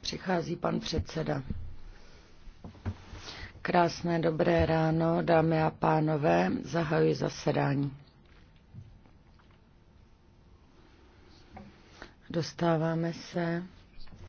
Přichází pan předseda. Krásné dobré ráno, dámy a pánové, zahajuji zasedání. Dostáváme se